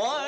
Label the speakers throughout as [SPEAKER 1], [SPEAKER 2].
[SPEAKER 1] 我。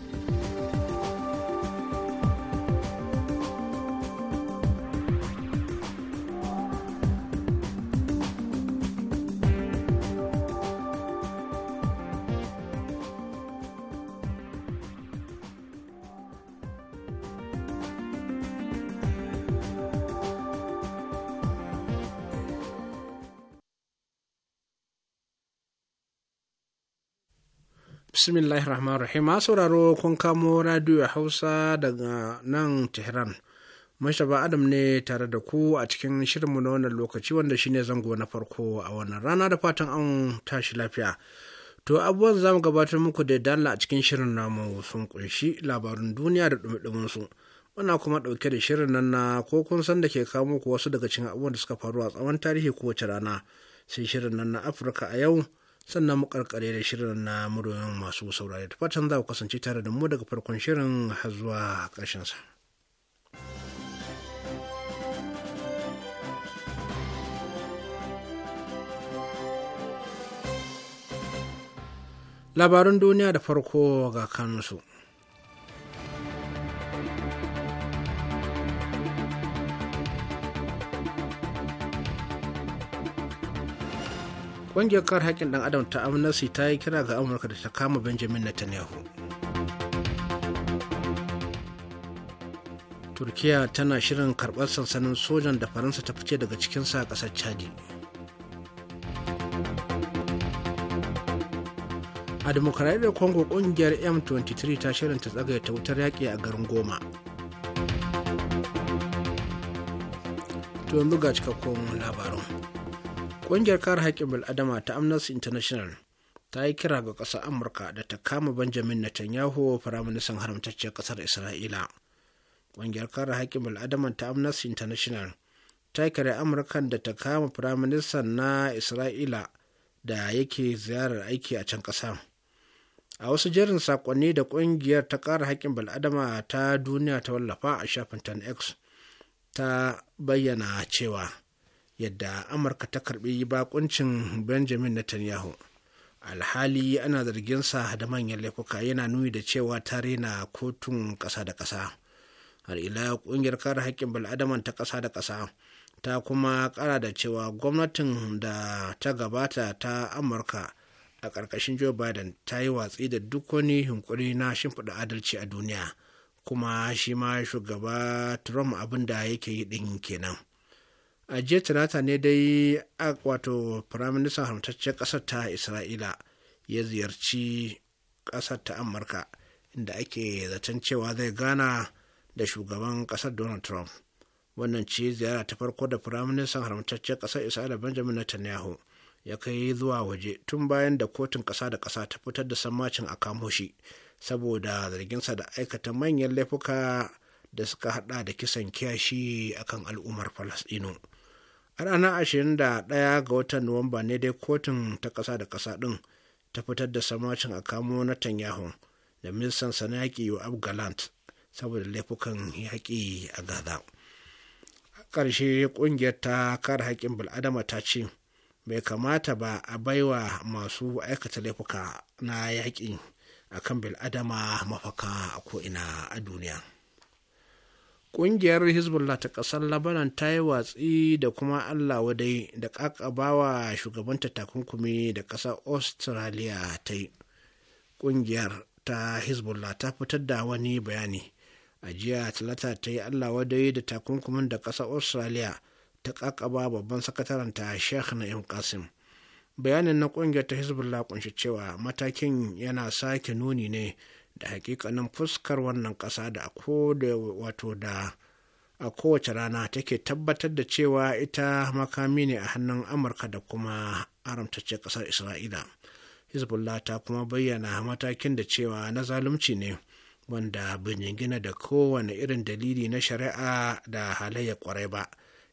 [SPEAKER 2] bismillahir rahmanir rahim sauraro kun kamo radio hausa daga nan tehran mashaba adam ne tare da ku a cikin shirinmu na wannan lokaci wanda shi ne zango na farko a wannan rana da fatan an tashi lafiya to abubuwan zamu gabatar muku da dalla a cikin shirin namu sun kunshi labarin duniya da dumi su muna kuma dauke da shirin nan na ko kun san da ke kawo ku wasu daga cikin abubuwan da suka faru a tsawon tarihi kowace rana sai shirin nan na afirka a yau sannan mu karkare da shirin na muryoyin masu saurari, da fatan za ku kasance tare da mu daga farkon shirin har zuwa ƙarshen sa. Labarun duniya da farko ga kansu. ƙungiyar kar haƙƙin ɗan adam ta amnesty ta yi kira ga amurka da ta kama benjamin netanyahu turkiya tana shirin karɓar sansanin sojan da faransa ta fice daga cikinsa a ƙasar chadi a demokaradiyyar congo ƙungiyar m23 ta shirin ta ta wutar yaƙi a garin goma to yanzu ga cikakkun labarin ƙungiyar kare haƙƙin bil'adama ta amnesty international ta yi kira ga ƙasar amurka da ta kama benjamin netanyahu firaministan haramtacciyar ƙasar isra'ila ƙungiyar kare haƙƙin bil'adama ta amnesty international ta yi kira amurkan da ta kama firaministan na isra'ila da yake ziyarar aiki a can ƙasa a wasu jerin saƙonni da ƙungiyar ta ƙara haƙƙin bil'adama ta duniya ta wallafa a shafin 10x ta bayyana cewa yadda amurka ta karbi bakuncin benjamin netanyahu alhali ana zarginsa da manyan laifuka yana nuni da cewa ta rena kotun kasa da kasa har ila ƙungiyar kare haƙƙin bal'adaman ta ƙasa da ƙasa ta kuma ƙara da cewa gwamnatin da ta gabata ta amurka a ƙarƙashin joe biden ta yi watsi da duk wani yunkuri na shimfiɗa adalci a duniya kuma shi ma shugaba trump abin da yake yi ɗin kenan a jiya talata ne dai a wato firaministan haramtaccen ƙasar ta isra'ila ya ziyarci ƙasar ta amurka inda ake zaton cewa zai gana da shugaban ƙasar donald trump wannan ce ziyara ta farko da firaministan haramtaccen ƙasar isra'ila benjamin netanyahu ya kai zuwa waje tun bayan da kotun ƙasa da ƙasa ta fitar da sammacin a kamo shi saboda zarginsa da aikata manyan laifuka da suka hada da kisan kiyashi akan al'ummar falasɗinu a ranar 21 ga watan nuwamba ne dai kotun ta ƙasa da ƙasa ɗin ta fitar da samacin a kamo na tanyahu da ministan sana yaƙi wa abgalant saboda laifukan yaƙi a gaza a ƙarshe ƙungiyar ta kare haƙƙin bil'adama ta ce bai kamata ba a baiwa masu aikata laifuka na yaƙi akan bil'adama mafaka a ko'ina a duniya ƙungiyar hezbollah ta ƙasar labanan ta yi watsi da kuma allah wadai da ƙaƙabawa shugabanta takunkumi da ƙasar australia ta yi ƙungiyar ta hezbollah ta fitar da wani bayani a jiya talata ta yi allah wadai da takunkumin da ƙasar australia ta ƙaƙaba babban sakataren sakataranta sheikh na'im kasim bayanin na ƙungiyar ta hezbollah kunshi cewa matakin yana sake nuni ne da hakikanin fuskar wannan ƙasa da wato da a kowace rana take tabbatar da cewa ita makami ne a hannun amurka da kuma haramtacce ƙasar isra'ila hezbollah ta kuma bayyana matakin da cewa na zalunci ne wanda gina da kowane irin dalili na shari'a da halayya kwarai ba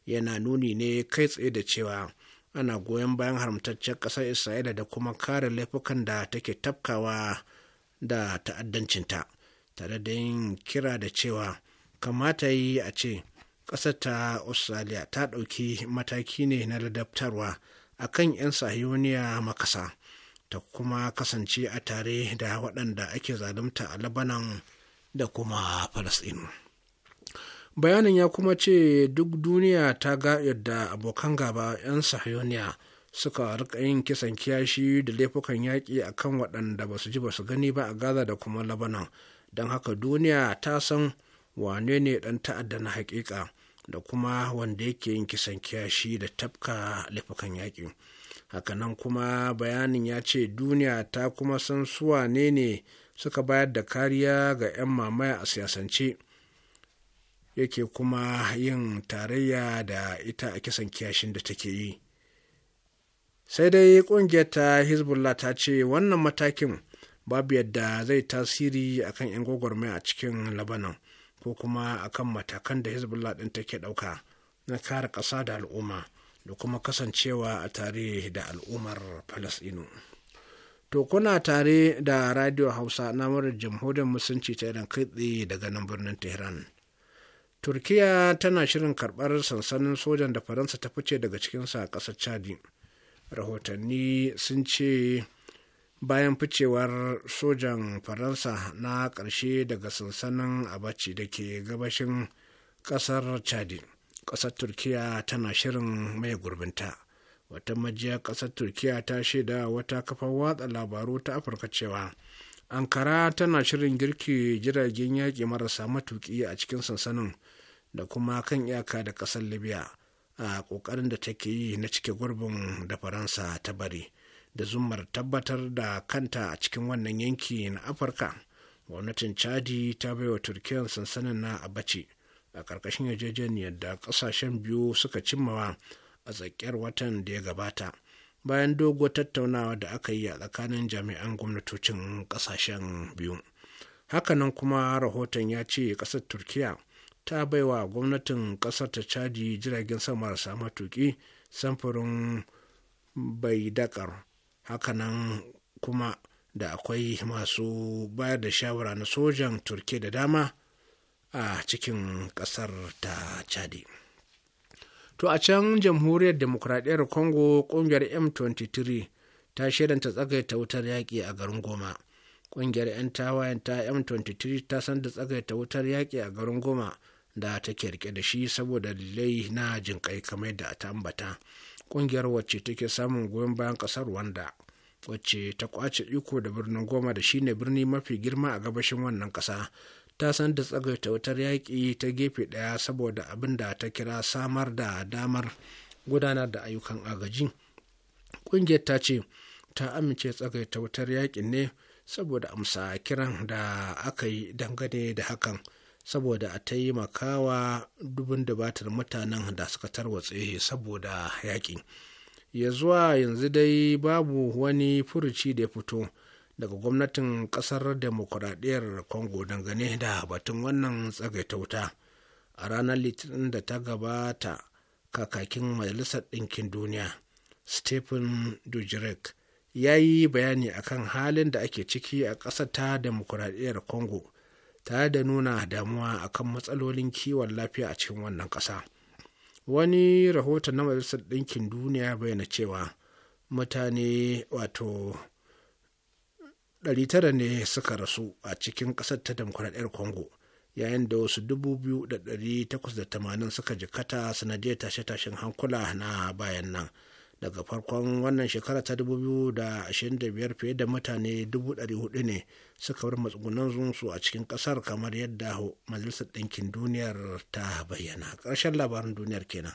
[SPEAKER 2] yana nuni ne kai tsaye da cewa ana goyon bayan haramtaccen ƙasar isra'ila da kuma kare laifukan da take tafkawa da ta'addancinta tare da yin kira da cewa kamata yi a ce ƙasar ta australia ta ɗauki mataki ne na ladabtarwa a kan 'yan sahiyoniya makasa ta kuma kasance a tare da waɗanda ake zalunta a labanan da kuma falasɗinu bayanin ya kuma ce duk duniya ta ga yadda abokan gaba 'yan sahiyoniya suka rika yin kisan kiyashi da laifukan yaƙi a kan waɗanda ba su ji ba su gani ba a gaza da kuma labanan don haka duniya ta san wane ne ɗan ta'adda na haƙiƙa da kuma wanda yake yin kisan kiyashi da tafka laifukan yaƙi hakanan kuma bayanin ya ce duniya ta kuma san su wane ne suka bayar da kariya ga 'yan mamaya a siyasance yake kuma yin tarayya da ita a kisan kiyashin da take yi. sai dai ƙungiyar ta hezbollah ta ce wannan matakin babu yadda zai tasiri akan 'yan gwagwarmaya a cikin labanan ko kuma akan matakan da hezbollah ɗin take ɗauka na kare ƙasa da al'umma da kuma kasancewa a tare da al'ummar falasɗinu to kuna tare da radio hausa na murar jamhuriyar musulunci ta irin kai daga nan birnin tehran turkiya tana shirin karɓar sansanin sojan da faransa ta fice daga cikinsa a ƙasar chadi rahotanni sun ce bayan ficewar sojan faransa na ƙarshe daga sansanin abaci da ke gabashin ƙasar chadi ƙasar turkiya tana shirin mai gurbinta wata majiya ƙasar turkiya ta shaida wata kafar watsa labaru ta afirka cewa ankara tana shirin girki jiragen yaƙi marasa matuƙi a cikin sansanin da kuma kan iyaka da ƙasar libya a ƙoƙarin da take yi na cike gurbin da faransa ta bari da zumar tabbatar da kanta a cikin wannan yanki na afirka gwamnatin chadi ta baiwa turkiyan sansanin na abaci a ƙarƙashin yarjejeniyar da ƙasashen biyu suka cimmawa a tsakiyar watan da ya gabata bayan dogo tattaunawa da aka yi a tsakanin jami'an gwamnatocin ƙasashen biyu hakanan kuma rahoton ya ce ƙasar Turkiyya. ta baiwa gwamnatin kasar ta caji jiragen sama marasa matuki samfurin bai dakar hakanan kuma da akwai masu bayar da shawara na sojan turke da dama a cikin kasar ta chadi to a can jamhuriyar demokuraɗiyyar congo ƙungiyar m23 ta shirinta tsagaita wutar yaƙi a garin goma ƙungiyar 'yan tawayen ta m23 ta san da tsagaita wutar yaƙi a garin goma da take rike da shi saboda dalilai na jin kai kamar da ta ambata ƙungiyar wacce take samun goyon bayan ƙasar wanda wacce ta kwace iko da birnin goma da shine birni mafi girma a gabashin wannan ƙasa ta san da tsagaita wutar yaƙi ta gefe ɗaya saboda abin da ta kira samar da damar gudanar da ayyukan agaji ƙungiyar ta ce ta amince tsagaita wutar yaƙin ne saboda amsa kiran da aka yi dangane da hakan saboda a taimakawa dubin dubatar mutanen da suka tarwatse saboda yaƙi ya zuwa yanzu dai babu wani furuci da ya fito daga gwamnatin ƙasar demokuraɗiyar congo dangane da batun wannan tsagaitauta a ranar litinin da ta gabata kakakin majalisar ɗinkin duniya stephen dujerek ya yi bayani akan halin da ake ciki a ƙasar ta demokuraɗiyar congo tare da nuna damuwa akan matsalolin kiwon lafiya a cikin wannan ƙasa wani rahoton na majalisar ɗinkin duniya bayyana cewa mutane wato 900 ne suka rasu a cikin ƙasar ta demokuraɗiyar congo yayin da wasu 2,880 suka jikata sanadiyar tashe-tashen hankula na bayan nan daga farkon wannan shekara ta 2025 fiye da mutane 400 ne suka bar matsugunan zunsu a cikin kasar kamar yadda majalisar ɗinkin duniyar ta bayyana ƙarshen labarin duniyar kenan.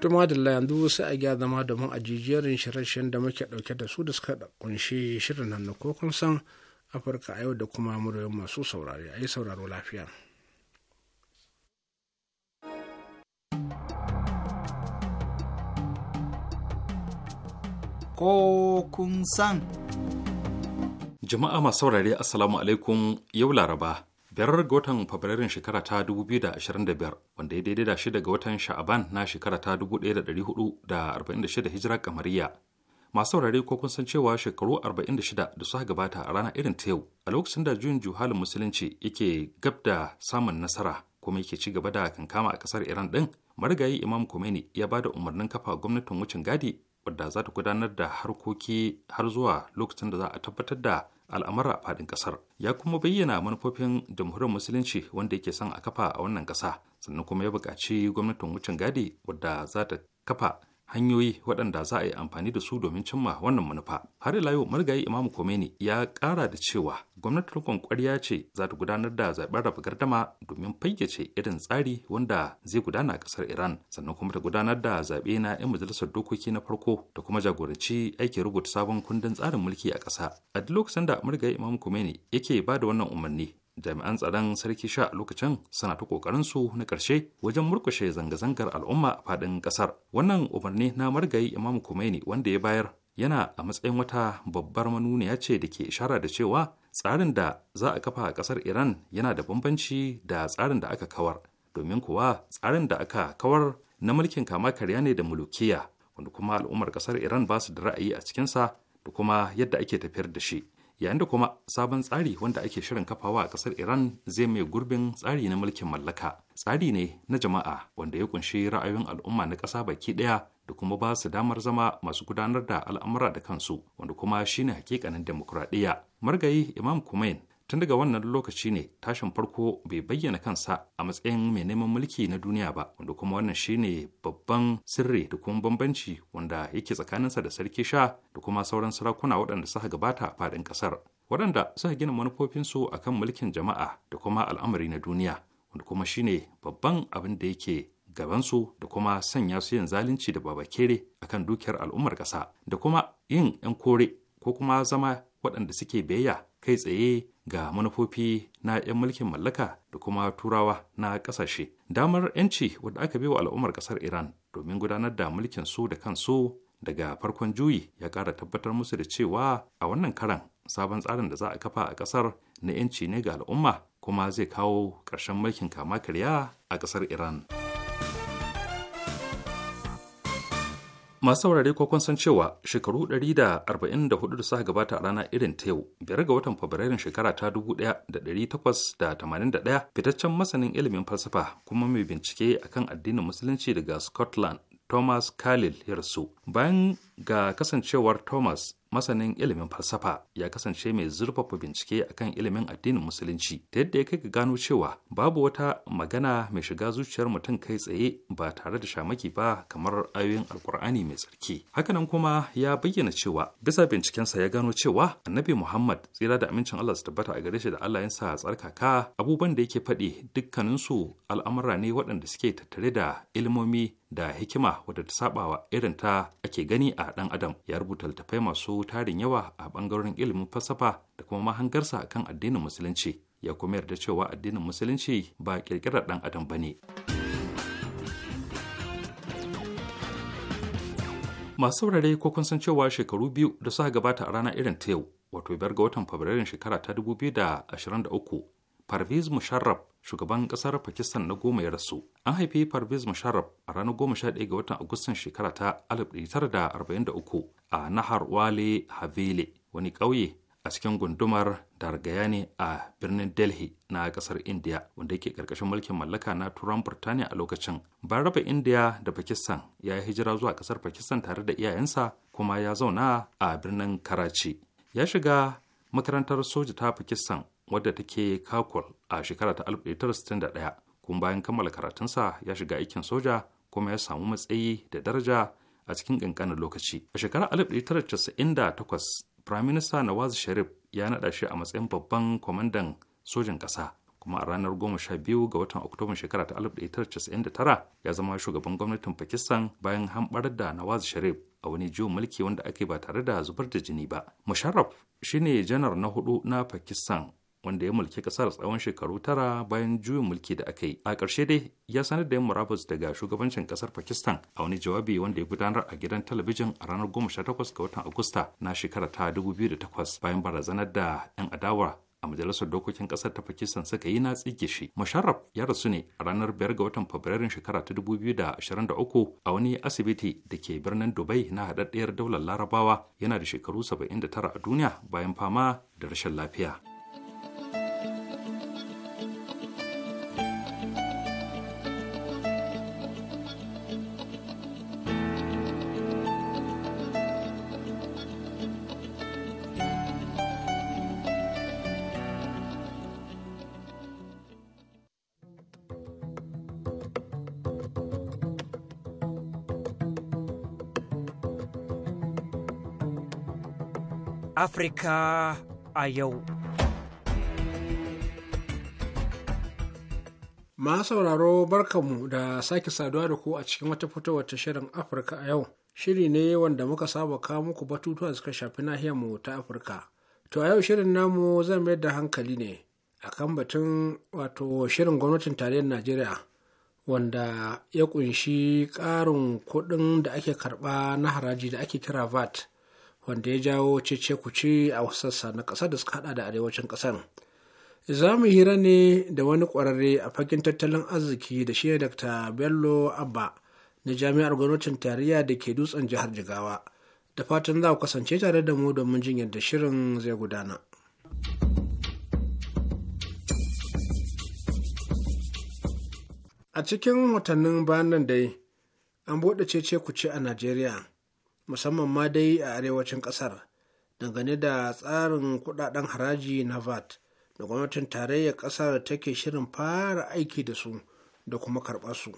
[SPEAKER 2] tuma da yanzu sai a gya zama domin a jijiyar shirashen da muke dauke da su da suka kunshi shirin hannu ko kun san afirka a yau da kuma muryoyin masu saurari a yi sauraro lafiya
[SPEAKER 3] ko kun san
[SPEAKER 4] jama'a masu saurari assalamu alaikum yau laraba biyar ga watan fabrairun shekara ta 2025 wanda ya daidai da shida ga watan sha'aban na shekara ta 1446 hijira kamariya masu saurare ko kun san cewa shekaru 46 da suka gabata a rana irin ta yau a lokacin da juyin juhalin musulunci yake gab da samun nasara kuma yake ci gaba da kankama a kasar iran din marigayi imam khomeini ya ba da umarnin kafa gwamnatin wucin gadi wadda za ta gudanar da harkoki har zuwa lokacin da za a tabbatar da al'amara a faɗin ƙasar ya kuma bayyana manufofin jamhuriyar musulunci wanda yake son a kafa a wannan ƙasa sannan kuma ya buƙaci gwamnatin wucin gadi wadda za ta kafa hanyoyi waɗanda za a yi amfani da su domin cimma wannan manufa. Har ila yau marigayi imam Khomeini ya ƙara da cewa gwamnatin rikon ƙwarya ce za ta gudanar da zaɓen raba gardama domin fayyace irin tsari wanda zai gudana a ƙasar Iran sannan kuma ta gudanar da zaɓe na 'yan majalisar dokoki na farko da kuma jagoranci aikin rubuta sabon kundin tsarin mulki a ƙasa. A duk lokacin da marigayi imam Khomeini yake ba da wannan umarni jami'an tsaron sarki sha lokacin suna ta kokarin su na karshe wajen murkushe zanga-zangar al'umma a fadin kasar wannan umarni na margayi imamu kumaini wanda ya bayar yana a matsayin wata babbar manuniya ce da ke ishara da cewa tsarin da za a kafa a kasar iran yana da bambanci da tsarin da aka kawar domin kuwa tsarin da aka kawar na mulkin kama karya ne da mulukiya wanda kuma al'ummar kasar iran ba su da ra'ayi a cikinsa da kuma yadda ake tafiyar da shi yayin da kuma sabon tsari wanda ake shirin kafawa a kasar iran zai mai gurbin tsari na mulkin mallaka tsari ne na jama'a wanda ya kunshi ra'ayoyin al'umma na ƙasa baki ɗaya da kuma ba su damar zama masu gudanar da al'amura da kansu wanda kuma shine hakikanin demokuraɗiyya margayi imam kumain tun daga wannan lokaci ne tashin farko bai bayyana kansa a matsayin mai neman mulki na duniya ba wanda kuma wannan shine babban sirri da kuma bambanci wanda yake tsakaninsa da sarki sha da kuma sauran sarakuna waɗanda suka gabata faɗin ƙasar waɗanda suka gina manufofinsu a kan mulkin jama'a da kuma al'amari na duniya wanda kuma shine babban abin da yake gabansu da kuma sanya su yin zalunci da babakere akan dukiyar al'ummar ƙasa da kuma yin 'yan kore ko kuma zama waɗanda suke biyayya kai tsaye ga manufofi na 'yan mulkin mallaka da kuma turawa na ƙasashe damar 'yanci wadda aka bi wa al'ummar ƙasar iran domin gudanar da mulkin su da kansu daga farkon juyi ya ƙara tabbatar musu da cewa a wannan karan sabon tsarin da za a kafa a ƙasar na 'yanci ne ga al'umma kuma zai kawo ƙarshen mulkin kama karya a ƙasar iran. masu saurare ko kun san cewa shekaru 144 da suka gabata a rana irin ta yau biyar ga watan fabrairun shekara ta 1881 fitaccen masanin ilimin falsafa kuma mai bincike a kan addinin musulunci daga scotland thomas Carlyle Yarsu bayan ga kasancewar thomas masanin ilimin falsafa ya kasance mai zurfafa bincike a kan ilimin addinin musulunci ta yadda ya kai ga gano cewa babu wata magana mai shiga zuciyar mutum kai tsaye ba tare da shamaki ba kamar ayoyin alkur'ani mai tsarki hakanan kuma ya bayyana cewa bisa bincikensa ya gano cewa annabi muhammad tsira da amincin allah su tabbata a gare shi da allah yansa tsarkaka abubuwan da yake faɗi dukkaninsu al'amura ne waɗanda suke tattare da ilmomi da hikima wadda ta sabawa irin ta ake gani a ɗan adam ya rubuta littattafai masu tarin yawa a bangaren ilimin falsafa da kuma mahangarsa kan addinin musulunci ya kuma yarda cewa addinin musulunci ba ƙirƙirar ɗan adam ba ne. masu saurare ko kun san cewa shekaru biyu da suka gabata a rana irin ta yau wato biyar ga watan fabrairun shekara ta 2023 parviz musharraf shugaban kasar pakistan na goma ya rasu an haifi parviz musharraf a ranar 11 ga watan agustan shekara ta 1943 a nahar wale havele wani ƙauye a cikin gundumar dargayani a birnin delhi na ƙasar india wanda yake ƙarƙashin mulkin mallaka na turan burtaniya a lokacin bayan raba india da pakistan ya yi hijira zuwa ƙasar pakistan tare da iyayensa kuma ya zauna a birnin karachi ya shiga makarantar soja ta pakistan wadda take kakul a shekara ta 1961 kuma bayan kammala karatunsa ya shiga aikin soja kuma ya samu matsayi da daraja a cikin ƙanƙanin lokaci. A shekarar 1998, Minister Nawaz Sharif ya naɗa shi a matsayin babban kwamandan sojin ƙasa. kuma a ranar 12 ga watan oktoban shekara ta 1999 ya zama shugaban gwamnatin pakistan bayan hambar da nawaz sharif a wani jiwon mulki wanda ake ba tare da zubar da jini ba musharraf shine janar na hudu na pakistan wanda ya mulki kasar tsawon shekaru tara bayan juyin mulki da aka yi a ƙarshe dai ya sanar da yin murabus daga shugabancin kasar pakistan a wani jawabi wanda ya gudanar a gidan talabijin a ranar 18 ga watan agusta na shekara ta 2008 bayan barazanar da 'yan adawa a majalisar dokokin kasar ta pakistan suka yi na tsige shi musharraf ya rasu ne a ranar 5 ga watan fabrairun shekara ta 2023 a wani asibiti da ke birnin dubai na haɗaɗɗiyar daular larabawa yana da shekaru saba'in da tara a duniya bayan fama da rashin lafiya.
[SPEAKER 5] Afirka
[SPEAKER 2] a yau. Ma sauraro barkanmu da sake saduwa da ku a cikin wata fitowar ta shirin Afirka a yau. Shiri ne wanda muka saba kawo muku batutuwa suka shafi nahiyarmu ta Afirka. To a yau shirin namu zan mayar da hankali ne a kan batun wato shirin gwamnatin tarayyar Najeriya wanda ya kunshi ƙarin kuɗin da ake karɓa na haraji da ake kira VAT. wanda ya jawo cece kuci a wasu sassa na ƙasar da suka hada da arewacin ƙasar za mu hira ne da wani ƙwararre a fagen tattalin arziki da shi dr bello abba na jami'ar gwamnatin tarayya da ke dutsen jihar jigawa da fatan za ku kasance tare da mu domin jin yadda shirin zai gudana a cikin watannin bayan dai an buɗe cece kuce a najeriya musamman ma dai a arewacin ƙasar dangane da tsarin kudaden haraji na vat da gwamnatin tarayyar da take shirin fara aiki da su da kuma karɓar su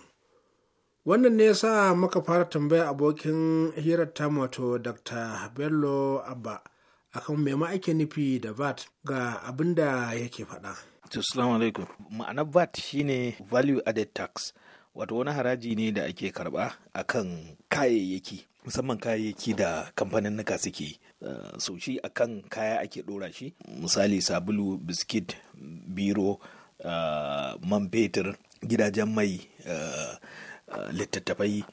[SPEAKER 2] wannan ne sa muka fara tambaya abokin hirar mato dr bello abba akan me ma nufi da vat ga abin da yake faɗa.
[SPEAKER 6] assalamu alaikum
[SPEAKER 2] ma'anar vat shine
[SPEAKER 6] value added tax wato wani haraji ne da ake karba akan kayayyaki musamman kayayyaki da kamfanin nuka suke eh, so shi akan kaya ake dora shi misali sabulu biskit biro eh, man fetur gidajen mai eh, littattafai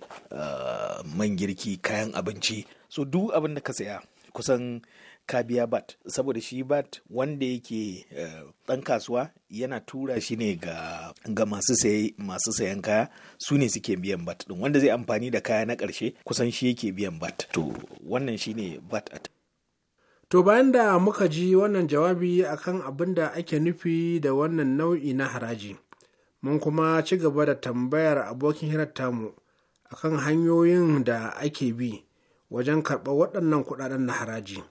[SPEAKER 6] man girki kayan abinci so duk abin da ka saya kusan ka biya bat saboda shi bat wanda yake dan eh, kasuwa yana tura shi ne ga, ga masu sayan masu kaya su ne suke biyan bat din wanda zai amfani da kaya na karshe kusan shi yake biyan bat to
[SPEAKER 2] wannan shi ne bat at To bayan da muka ji wannan jawabi akan abin da ake nufi da wannan nau'i na haraji, mun kuma ci gaba da tambayar abokin hirar tamu akan hanyoyin da ake bi wajen karɓar waɗannan kuɗaɗen na haraji.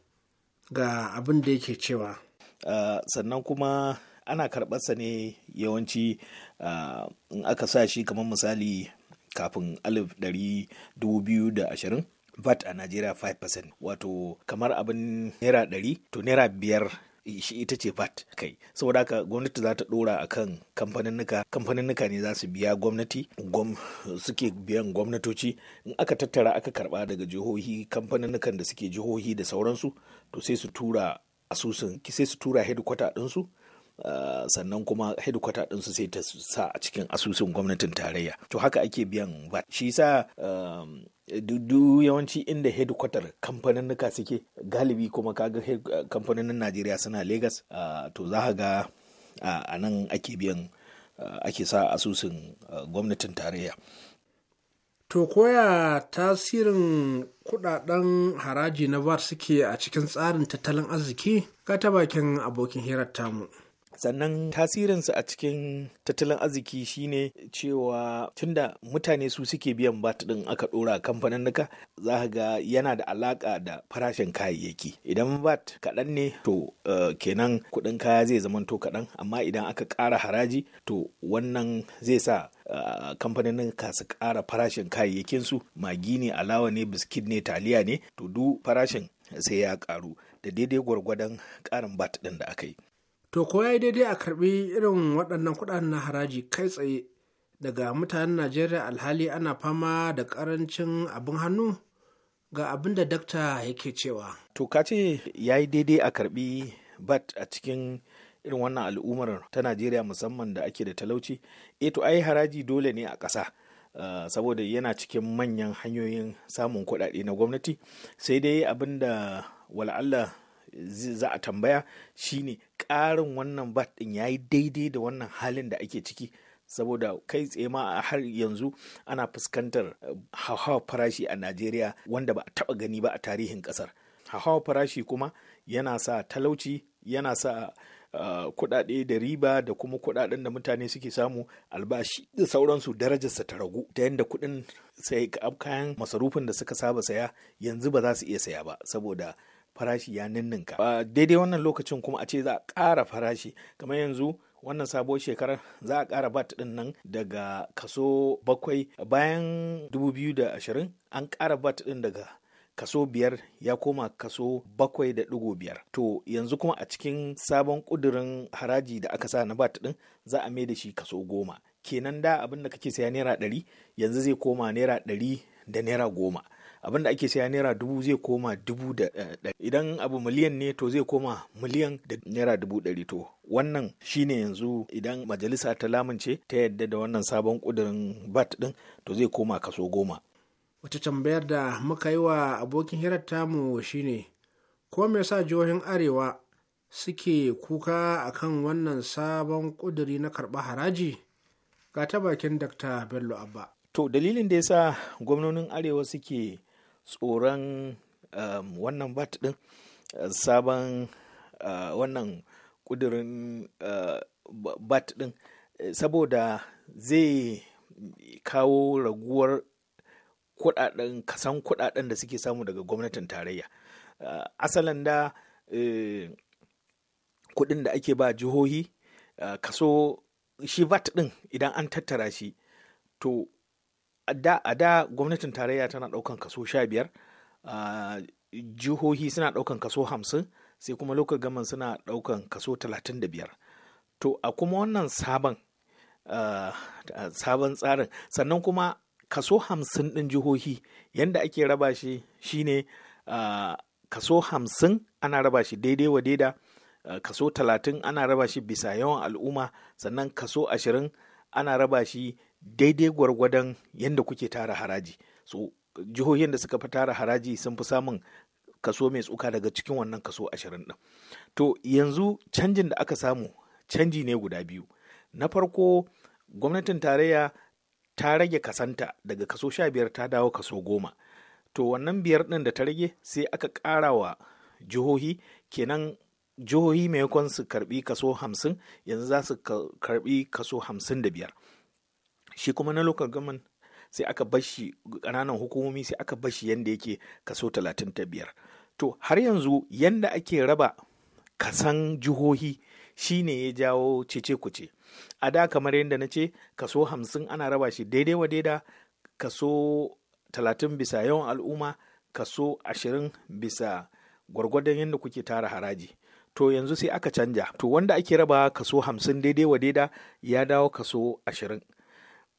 [SPEAKER 2] ga abin da yake cewa
[SPEAKER 6] uh, sannan kuma ana karɓar sa ne yawanci uh, in aka sa shi kamar misali kafin alif ɗari dubu biyu da ashirin vat a najeriya 5% wato kamar abin naira ɗari to naira biyar shi ita ce VAT kai saboda haka gwamnati za ta dora akan kamfaninnika kamfaninnika ne za su biya gwamnati gwam suke biyan gwamnatoci in aka tattara aka karba daga jihohi kamfaninnikan da suke jihohi da sauransu to sai su tura asusun sai su tura hedikwata ɗinsu Ah, sannan kuma hedikwata ɗinsu sai ta sa a cikin asusun gwamnatin tarayya to haka ake biyan ba shi sa dudu um, yawanci inda kamfanin nuka suke galibi kuma kaga ah, kamfanin najeriya suna Legas ah, to za ga a nan ake biyan ake sa asusun gwamnatin tarayya
[SPEAKER 2] to koya tasirin kudaden haraji na var suke a cikin tsarin tattalin arziki ka ta bakin abokin hirar tamu sannan tasirinsu a cikin tattalin arziki shine
[SPEAKER 6] cewa tunda mutane su suke biyan bat din aka dora kamfanin nuka za ga yana da alaka da farashin kayayyaki idan bat kaɗan ne to eh, kenan kuɗin kaya zai zamanto kaɗan amma idan aka ƙara haraji to wannan zai sa eh, kamfanin ka su ƙara farashin kayayyakinsu magi ne alawa ne biskit ne taliya ne to du farashin sai ya ƙaru da daidai gwargwadon ƙarin bat
[SPEAKER 2] ɗin da aka yi to ko ya yi daidai a karbi irin waɗannan kuɗaɗen na haraji kai tsaye daga mutanen najeriya alhali ana fama da ƙarancin abin hannu ga abin da dakta yake cewa
[SPEAKER 6] to ka ce ya yi daidai a karbi bat a cikin irin wannan al'ummar ta najeriya musamman da ake da talauci e to ai haraji dole ne a ƙasa Uh, saboda yana cikin manyan hanyoyin samun kuɗaɗe na gwamnati sai dai abin da wala'alla za a tambaya shine ƙarin wannan bat ɗin ya yi daidai da wannan halin da ake ciki saboda kai tsaye ma har yanzu ana fuskantar eh, hauhawar farashi a najeriya wanda ba a taɓa gani ba a tarihin ƙasar hauhawar farashi kuma yana sa talauci yana sa eh, kuɗaɗe da riba da kuma kuɗaɗen da mutane suke samu albashi da sauransu darajarsa ta ragu ta yadda kuɗin sai kayan masarufin da suka saba saya yanzu ba za su iya saya ba saboda farashi ya ninninka ba daidai wannan lokacin kuma a ce za a ƙara farashi kamar yanzu wannan sabuwar shekarar za a ƙara bat ɗin nan daga kaso bakwai bayan 2020 an ƙara bat ɗin daga kaso biyar ya koma kaso bakwai da ɗigo biyar to yanzu kuma a cikin sabon ƙudurin haraji da aka sa na bat ɗin za a mai da shi kaso goma kenan da abin da kake saya naira ɗari yanzu zai koma naira ɗari da naira goma abin da ake saya naira dubu zai koma dubu da eh, ɗari idan abu miliyan ne to zai koma miliyan da naira dubu ɗari to wannan shine yanzu idan majalisa ta lamince ta yadda da wannan sabon ƙudurin bat ɗin to zai koma kaso goma
[SPEAKER 2] wata tambayar da muka yi wa abokin hirar tamu shine ko me sa jihohin arewa suke kuka akan wannan sabon ƙuduri na karɓa haraji ga ta bakin dr bello abba to dalilin da yasa gwamnonin arewa suke
[SPEAKER 6] tsoron um, wannan bat din uh, sabon uh, wannan kudirin uh, bat din eh, saboda zai kawo raguwar kudaden kasan kudaden da suke samu daga gwamnatin tarayya asalin da eh, kudin da ake ba jihohi kaso shi vat din idan an tattara shi to da a da gwamnatin tarayya tana ɗaukan kaso sha biyar jihohi suna ɗaukan kaso hamsin sai kuma local government suna ɗaukan kaso talatin da biyar to a kuma wannan sabon sabon tsarin sannan kuma kaso hamsin ɗin jihohi yadda ake raba shi shine kaso hamsin ana raba shi daidai wa daida kaso talatin ana raba shi bisa yawan al'umma sannan kaso ashirin ana raba shi daidai gwargwadon yadda kuke tara haraji so jihohin da suka fi tara haraji sun fi samun kaso mai tsuka daga cikin wannan kaso ashirin ɗin to yanzu canjin da aka samu canji ne guda biyu na farko gwamnatin tarayya ta rage kasanta daga kaso sha biyar ta dawo kaso goma to wannan biyar ɗin da ta rage sai aka ƙara wa jihohi kenan jihohi maimakon su karbi kaso hamsin yanzu za su karbi kaso hamsin da biyar shi kuma na local government sai aka bashi ƙananan hukumomi sai aka bashi yadda yake kaso 35 to har yanzu yadda ake raba kasan jihohi shi ne ya jawo cece kuce a da kamar yadda na ce kaso 50 ana raba shi daidai wa daida kaso 30 bisa yawan al'umma kaso 20 bisa gwargwadon yadda kuke tara haraji to yanzu sai aka canja to wanda ake raba kaso 50 daidai wa daida ya dawo kaso 20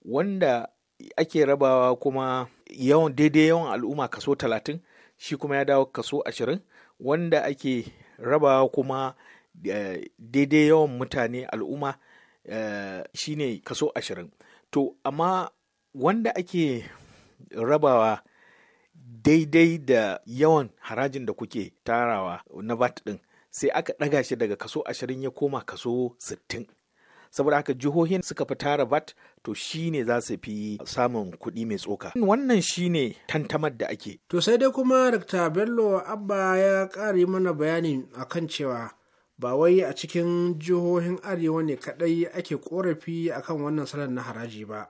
[SPEAKER 6] wanda ake rabawa kuma yawan daidai yawan al'umma kaso talatin shi kuma ya dawo kaso ashirin wanda ake rabawa kuma eh, daidai yawan mutane al'umma eh, shi ne kaso ashirin to amma wanda ake rabawa daidai da yawan harajin da kuke tarawa na VAT din sai aka ɗaga shi daga kaso ashirin ya koma kaso sittin saboda haka jihohin suka fi tara VAT to shine za su fi samun kuɗi mai tsoka. Wannan shine tantamar da ake.
[SPEAKER 2] To sai dai kuma Dr. Bello Abba ya ƙari mana bayani akan cewa ba wai a cikin jihohin arewa ne kaɗai ake ƙorafi akan wannan salon na haraji ba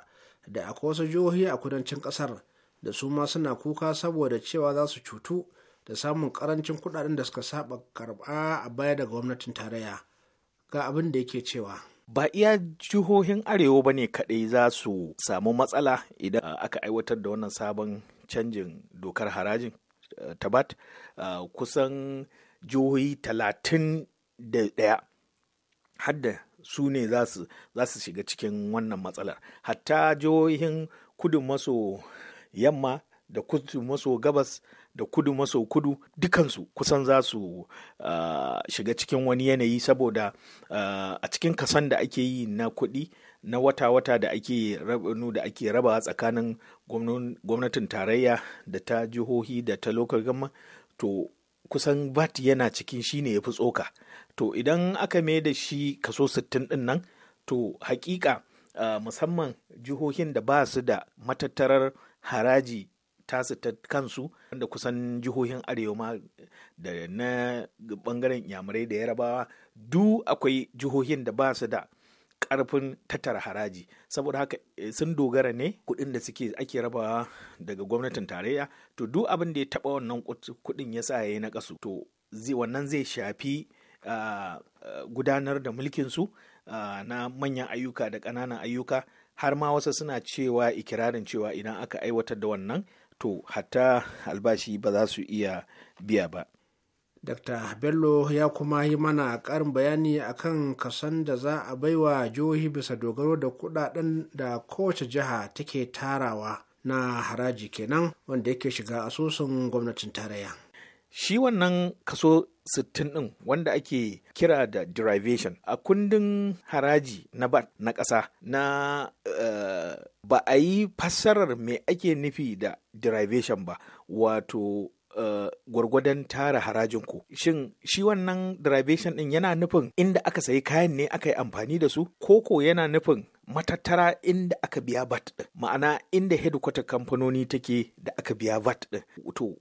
[SPEAKER 2] da akwai wasu jihohi a kudancin ƙasar da su ma suna kuka saboda cewa za su cutu da samun karancin kuɗaɗen da suka saba karɓa a baya daga gwamnatin tarayya ga abin da yake cewa.
[SPEAKER 6] ba iya jihohin arewa ba ne kaɗai za su samu matsala idan uh, aka aiwatar da wannan sabon canjin dokar harajin uh, tabat uh, kusan jihohi talatin da ɗaya hadda su ne za su shiga cikin wannan matsalar hatta jihohin kudu maso yamma da kudu maso gabas da kudu maso kudu dukansu kusan za su ah, shiga cikin wani yanayi saboda ah, a cikin kasan da ake yi na kudi na wata-wata da ake da ake raba tsakanin gwamnatin tarayya da ta jihohi da ta local government to kusan VAT yana cikin shi ne ya fi tsoka. To idan aka mai da shi kaso 60 din nan, to hakika uh, ah, musamman jihohin da ba su da matattarar haraji tasu ta kansu wanda kusan jihohin arewa ma da na bangaren yamurai da yarabawa du akwai jihohin da ba su da karfin tattara haraji saboda haka eh, sun dogara ne kuɗin da suke ake rabawa daga gwamnatin tarayya to du abin da ya taɓa wannan kuɗin ya sa ya yi na kasu to wannan zai shafi ah, ah, gudanar da mulkin su ah, na manyan ayyuka da ƙananan ayyuka har ma wasu suna cewa ikirarin cewa idan aka aiwatar da wannan to hatta albashi ba za su iya biya ba
[SPEAKER 2] dr bello ya kuma yi mana karin bayani akan kasan da za a baiwa jihohi bisa dogaro da kudaden da kowace jiha take tarawa na haraji kenan wanda yake shiga asusun gwamnatin tarayya shi wannan kaso 60 ɗin wanda ake kira
[SPEAKER 6] da derivation a kundin haraji na bat na ƙasa na eh, ba a yi fassarar me ake nufi da derivation ba wato Uh, gwargwadon tara harajin ku shin shi wannan derivation ɗin yana nufin inda aka sayi kayan ne aka yi amfani da su koko yana nufin matattara inda aka biya VAT ɗin, ma'ana inda headquarter kamfanoni take da aka biya VAT ɗin.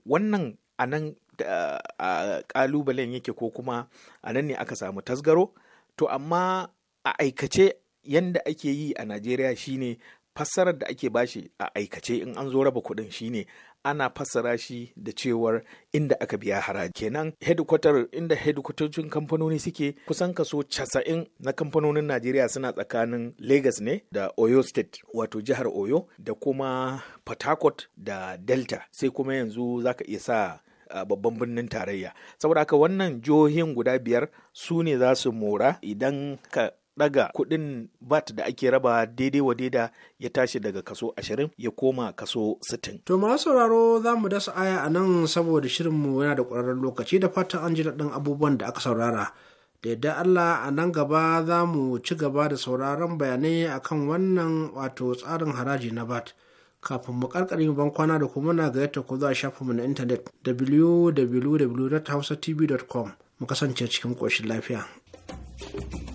[SPEAKER 6] wannan a nan da a kalubalen yake ko kuma a nan ne aka samu tasgaro to amma a aikace yadda ake yi a najeriya shine fassarar da ake bashi a aikace in an zo raba kuɗin shine ana fassara shi da cewar inda aka biya haraji kenan headquarter inda hedikwatocin kamfanoni suke kusan kaso 90 na kamfanonin najeriya suna tsakanin lagos ne da oyo state wato jihar oyo da kuma port da delta sai kuma yanzu zaka iya sa babban birnin tarayya saboda haka wannan jihohin guda biyar su ne za su mora idan ka daga kudin bat da ake raba daidai wa daida ya tashi daga kaso ashirin ya koma kaso sitin.
[SPEAKER 2] To masu sauraro za mu dasa aya a nan saboda shirinmu yana da ƙwararren lokaci da fatan an ji daɗin abubuwan da aka saurara. Da yadda Allah a nan gaba za mu ci gaba da sauraron bayanai akan wannan wato tsarin haraji na bat. kafin mu yin ban kwana da kuma na gayyata ku zuwa shafinmu na intanet www.hausatv.com mu kasance cikin koshin lafiya. thank you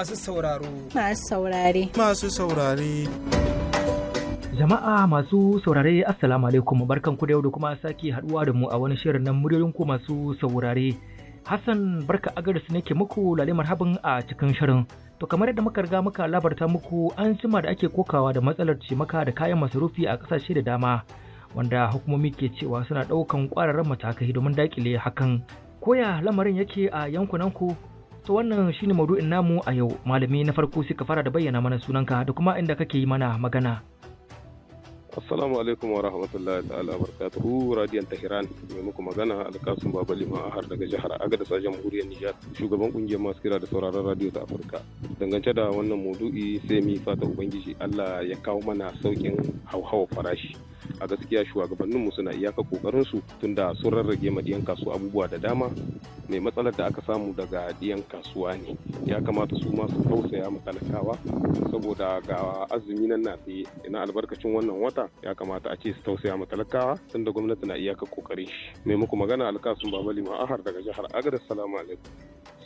[SPEAKER 7] masu sauraro.
[SPEAKER 1] Masu
[SPEAKER 5] saurare. Masu saurare. Jama'a masu saurare Assalamu alaikum barkan ku da yau da kuma sake haduwa da mu a wani shirin nan muryoyin ku masu saurare. Hassan barka agaris ne ke muku lalle marhaban a cikin shirin. To kamar yadda muka riga muka labarta muku an cima da ake kokawa da matsalar cimaka da kayan masarufi a ƙasashe da dama. Wanda hukumomi ke cewa suna ɗaukan ƙwararren matakai domin daƙile hakan. Koya lamarin yake a yankunan ku To wannan shine maudu'in namu a yau malami na farko suka ka fara da bayyana mana sunanka da kuma inda kake yi mana magana.
[SPEAKER 8] Assalamu alaikum wa rahmatullahi ta'ala barakatuhu radiyan Tahiran mai muku magana alkasun Baba Lima har daga jihar Agadez a jamhuriyar Nijar shugaban kungiyar masu kira da sauraron radio ta Afirka dangance da wannan maudu'i sai mi fata ubangiji Allah ya kawo mana sauƙin hauhawar farashi a gaskiya shugabanninmu suna iyaka kokarin su tunda sun rarrage ma diyan kasuwa abubuwa da dama mai matsalar da aka samu daga diyan kasuwa ne ya kamata su ma su tausaya ma talakawa saboda ga azumi nan na tsaye ina albarkacin wannan wata ya kamata a ce su tausaya ma talakawa tunda gwamnati na iyaka kokarin shi mai muku magana alkasun babali ma'ahar daga jihar agadar salamu alaikum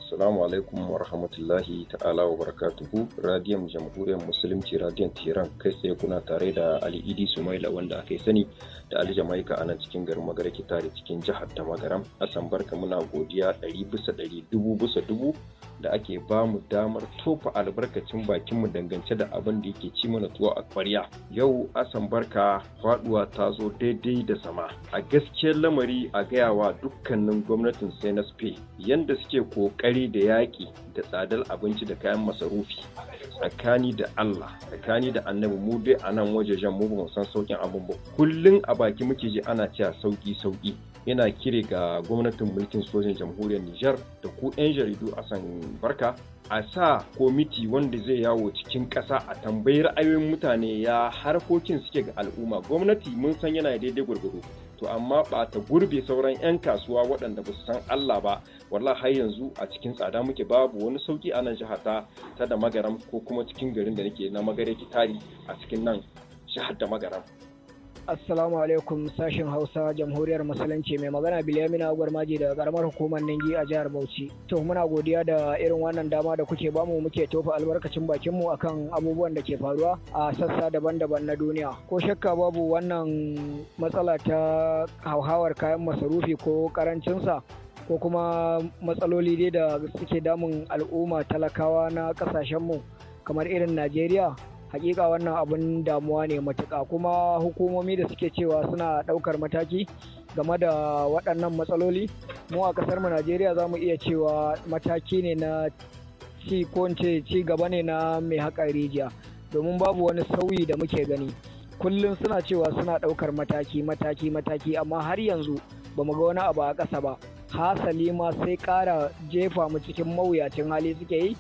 [SPEAKER 8] Assalamu alaikum wa rahmatullahi ta'ala wa barakatuhu. Radiyon Jamhuriyar Musulunci Radiyon Tiran kai tsaye kuna tare da Ali Idi Sumaila wanda aka sani da Ali Jamaika a nan cikin garin Magara tare cikin jihar ta Magaram. Asan barka muna godiya ɗari bisa ɗari dubu bisa dubu da ake ba mu damar tofa albarkacin bakinmu dangance da abin da yake ci mana tuwo a kwarya. Yau asan barka faduwa ta zo daidai da sama. A gaskiyar lamari a gayawa dukkanin gwamnatin Senate yanda suke kokari ƙoƙari da yaƙi da tsadar abinci da kayan masarufi tsakani da Allah tsakani da annabi mu dai a nan wajejen mu ba mu san saukin abin ba kullum a baki muke ji ana cewa sauki sauƙi yana kire ga gwamnatin mulkin sojan jamhuriyar Nijar da ku 'yan jaridu a san barka a sa komiti wanda zai yawo cikin ƙasa a tambayi ra'ayoyin mutane ya harkokin suke ga al'umma gwamnati mun san yana daidai gwargwado to amma ba ta gurbe sauran 'yan kasuwa waɗanda ba su san Allah ba wallahi har yanzu a cikin tsada muke babu wani sauki a nan jihar ta da magaram ko kuma cikin garin da nake na magare kitari a cikin nan jihar da magaram
[SPEAKER 7] Assalamu alaikum sashen Hausa Jamhuriyar Musulunci mai magana Bilyamina Gwarmaji daga karamar hukumar Ningi a jihar Bauchi. To muna godiya da irin wannan dama da kuke bamu muke tofa albarkacin bakin mu akan abubuwan da ke faruwa a sassa daban-daban na duniya. Ko shakka babu wannan matsala ta hauhawar kayan masarufi ko karancinsa ko kuma matsaloli dai da suke damun al'umma talakawa na kasashen mu kamar irin Najeriya hakika wannan abun damuwa ne matuka kuma hukumomi da suke cewa suna ɗaukar mataki game da waɗannan matsaloli mu a ƙasar mu najeriya za mu iya cewa mataki ne na ci ko ci gaba ne na mai haƙa rijiya domin babu wani sauyi da muke gani kullum suna cewa suna ɗaukar mataki mataki mataki amma har yanzu ba mu ga wani abu a ƙasa ba hasali ma sai ƙara jefa mu cikin mawuyacin hali suke yi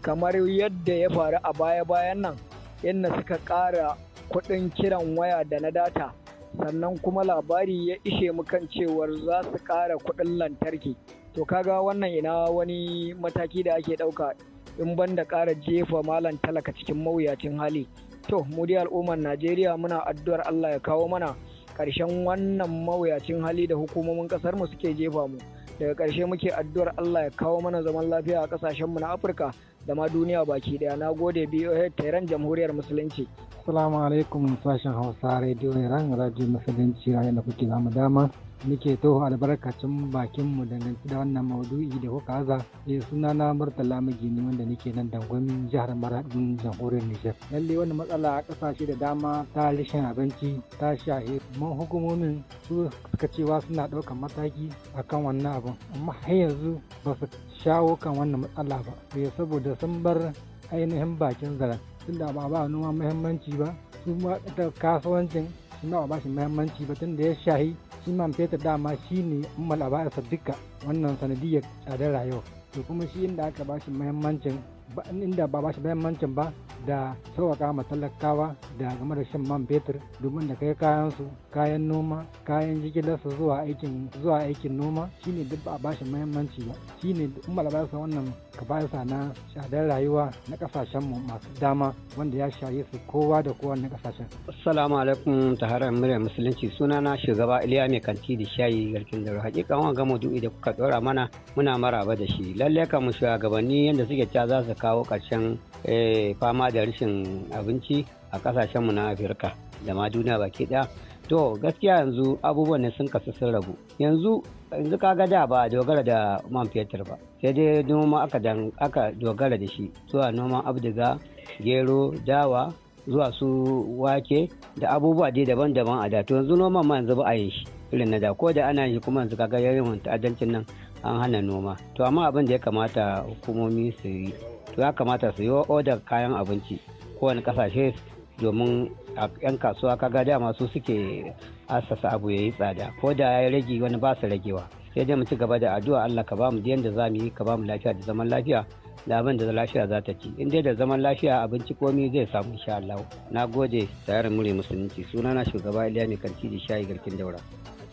[SPEAKER 7] kamar yadda ya faru a baya bayan nan yadda suka ƙara kuɗin kiran waya da na data sannan kuma labari ya ishe mu kan cewar za su ƙara kuɗin lantarki to kaga wannan ina wani mataki da ake ɗauka in ban da ƙara jefa malam talaka cikin mawuyacin hali to mu dai al'ummar najeriya muna addu'ar allah ya kawo mana ƙarshen wannan mawuyacin hali da hukumomin ƙasarmu suke jefa mu daga ƙarshe muke addu'ar Allah ya kawo mana zaman lafiya a ƙasashenmu na Afirka da ma duniya baki ɗaya na gode BOH Tehran Jamhuriyar Musulunci.
[SPEAKER 9] Assalamu alaikum sashen Hausa Radio Iran Radio Musulunci yayin da kuke zama dama muke to albarkacin mu mu da wannan maudu'i da kuka haza eh, suna na murtala magini wanda nake nan dangwamin jihar maradin jamhuriyar nijar lalle wannan matsala a kasashe da dama ta rashin abinci ta shahe mun hukumomin su suka cewa suna ɗaukar mataki akan wannan abin amma har yanzu ba su shawo kan wannan matsala ba eh, saboda sun bar ainihin bakin zaren tunda ba ba noma muhimmanci ba su ma kasuwancin suna ba shi muhimmanci ba tunda ya shahi shi man dama shi ne ummal abarasa duka wannan sanadiyar tsadar rayuwa to kuma shi inda aka ba shi muhimmancin inda ba ba shi muhimmancin ba da sauwaka ma talakawa da game da shan man fetur domin da kai kayan su kayan noma kayan jigilarsa zuwa aikin zuwa aikin noma shine duk ba ba shi muhimmanci ba shine ummal abarasa wannan Ka ba sa na tsadar rayuwa na kasashenmu masu dama wanda ya shaye su kowa da kowa na kasashen.
[SPEAKER 10] Assalamu alaikum taharar muryar musulunci Suna na shugaba Iliya mai kanti da shayi garkin daro hakikan wanga maudu'i da kuka ɗora mana muna maraba da shi lalle kan mu shugabanni yadda suke ta za su kawo karshen eh, fama da rashin abinci a kasashen mu na Afirka da ma duniya baki ɗaya. To gaskiya yanzu abubuwan ne sun kasu sun rabu. Yanzu yanzu kaga da ba a dogara da man fetur ba sai dai noma aka dan aka dogara da shi zuwa noman abdiga gero dawa zuwa su wake da abubuwa dai daban-daban a da to yanzu noman ma yanzu ba a yin shi irin na da ko da ana shi kuma yanzu kaga yayin ta'addancin nan an hana noma to amma abin da ya kamata hukumomi su yi to ya kamata su yi wa odar kayan abinci kowane kasashe domin 'yan kasuwa kaga dama su suke asasa abu ya yi tsada ko da ya rage wani ba su ragewa sai dai mu ci gaba da addu'a Allah ka bamu da yanda zamu yi ka bamu lafiya da zaman lafiya da abin da lafiya za ta ci in dai da zaman lafiya abinci komi zai samu insha Allah na gode tayar muri musulunci sunana shugaba Iliya mai kanti da shayi garkin daura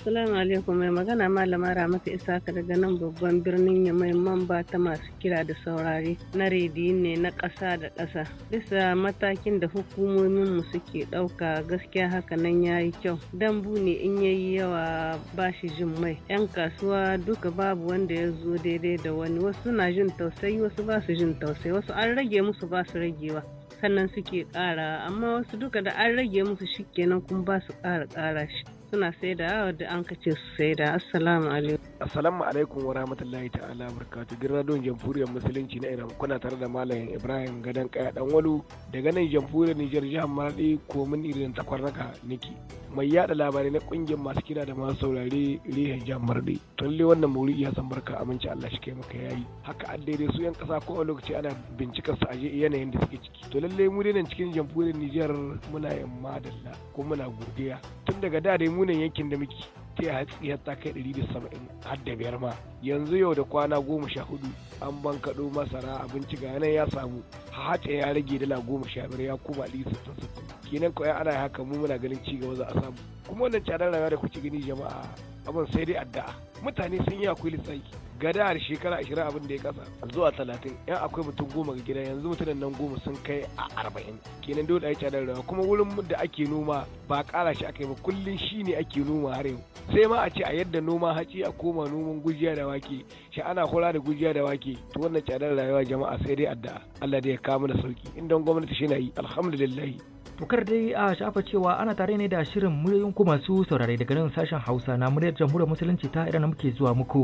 [SPEAKER 11] Assalamu alaikum mai magana malama Ramatu Isaka daga nan babban birnin Yamai mamba ta masu kira da saurari. na rediyo ne na ƙasa da ƙasa. Bisa matakin da hukumomin mu suke ɗauka gaskiya haka nan ya yi kyau. Dambu ne in yi yawa ba shi jin mai. 'Yan kasuwa duka babu wanda ya zo daidai da wani wasu na jin tausayi wasu ba su jin tausayi wasu an rage musu ba su ragewa. sannan suke ƙara amma wasu duka da an rage musu shikenan kuma ba su ƙara ƙara shi suna saida wadda an kace su saida assalamu alaikum assalamu alaikum wa rahmatullahi ta'ala
[SPEAKER 12] barkatu gidan radon jamhuriyar musulunci na iran kuna tare da malamin ibrahim gadan kaya dan walu daga nan jamhuriyar nijar jihar maradi komin irin takwarraka niki mai yada labarai na kungiyar masu kira da masu saurare rihar jihar maradi lalle wannan maulidi ya san barka aminci allah shi kai maka yayi haka an daidai su yan kasa ko a lokaci ana bincikar su a yanayin da suke ciki to lalle mu dai nan cikin jamhuriyar nijar muna yamma dalla ko muna godiya tun daga da dai mu munan yankin da muke ta hatsi har ta kai saba'in har da biyar ma yanzu yau da kwana goma sha hudu an ban kaɗo masara abinci ga nan ya samu hata ya rage dala goma sha biyar ya koma ɗari sittin sittin kenan kawai ana haka mu muna ganin cigaba za a samu kuma wannan tsadar rayuwa da kuke gani jama'a abin sai dai addu'a mutane sun yi akwai lissafi ga da shekara ashirin abin da ya kasa zuwa talatin yan akwai mutum goma ga gida yanzu mutanen nan goma sun kai a arba'in kenan dole a yi cadar rawa kuma wurin da ake noma ba ƙara shi aka yi ba kullum shi ne ake noma har yau sai ma a ce a yadda noma haci a koma noman gujiya da wake shi ana kula da gujiya da wake to wannan cadar rayuwa jama'a sai dai addu'a Allah da ya kawo mana sauki in gwamnati shi na yi alhamdulillah
[SPEAKER 5] Tokar dai a shafa cewa ana tare ne da shirin muryoyin ku masu saurare daga nan sashen Hausa na muryar jamhuriyar musulunci ta idan muke zuwa muku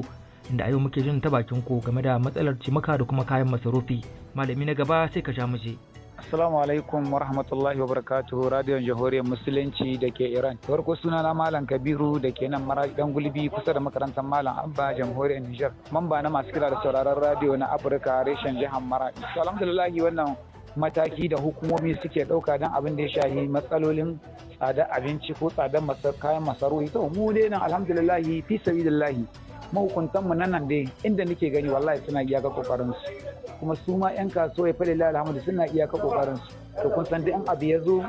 [SPEAKER 5] inda a muke jin ta bakin ku game da matsalar cimaka da kuma kayan masarufi. Malami na gaba sai ka sha muje.
[SPEAKER 13] Assalamu alaikum wa rahmatullahi wa radiyon jamhuriyar musulunci da ke Iran. Farko suna na Malam Kabiru da ke nan dan gulbi kusa da makarantar Malam Abba jamhuriyar Nijar. Mamba na masu kira da sauraron radiyo na Afirka reshen jihar Maradi. alhamdulillah wannan mataki da hukumomi suke ɗauka don abin da ya shahi matsalolin tsadar abinci ko tsadar kayan masarufi to mu dai nan alhamdulillah fi sabilillahi mahukuntan mu nan dai inda nake gani wallahi suna iyaka kokarin su kuma su ma yan kasuwa ya fadi alhamdu suna iya kokarin su to kun san duk in abu ya zo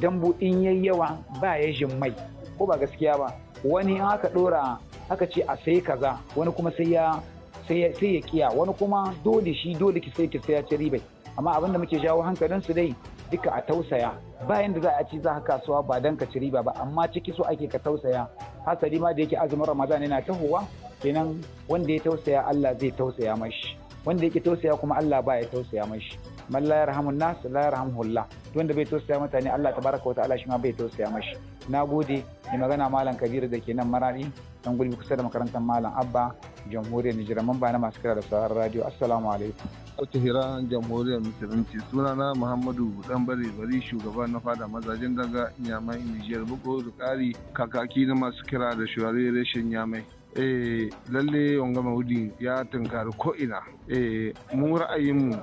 [SPEAKER 13] dambu in yayi yawa ba ya jin mai ko ba gaskiya ba wani in aka dora aka ce a sai kaza wani kuma sai ya sai ya kiya wani kuma dole shi dole ki sai ki sai ya ribai amma abin da muke jawo hankalin su dai duka a tausaya bayan da za a ci za ka kasuwa ba dan ka ci riba ba amma ciki so ake ka tausaya hasali ma da yake azumin ramadan yana tahowa kenan wanda ya tausaya Allah zai tausaya mashi wanda yake tausaya kuma Allah ba ya tausaya mashi Mallayar Hamun yarhamun nas la yarhamuhullah wanda bai tausaya mutane Allah tabaraka wa ta'ala shi ma bai tausaya mashi na gode ni magana malam kabiru da ke nan marari dan gulbi kusa da makarantar malam abba jamhuriyar nijar mamba na masu kira da sauran radio assalamu alaikum
[SPEAKER 14] wata hira jamhuriyar musulunci sunana muhammadu dan bari bari shugaba na fada mazajen daga nyamai nijiyar buko kari kakaki na masu kira da shurare reshen nyamai eh lalle wanga maudi ya tunkari ko'ina eh mu ra'ayinmu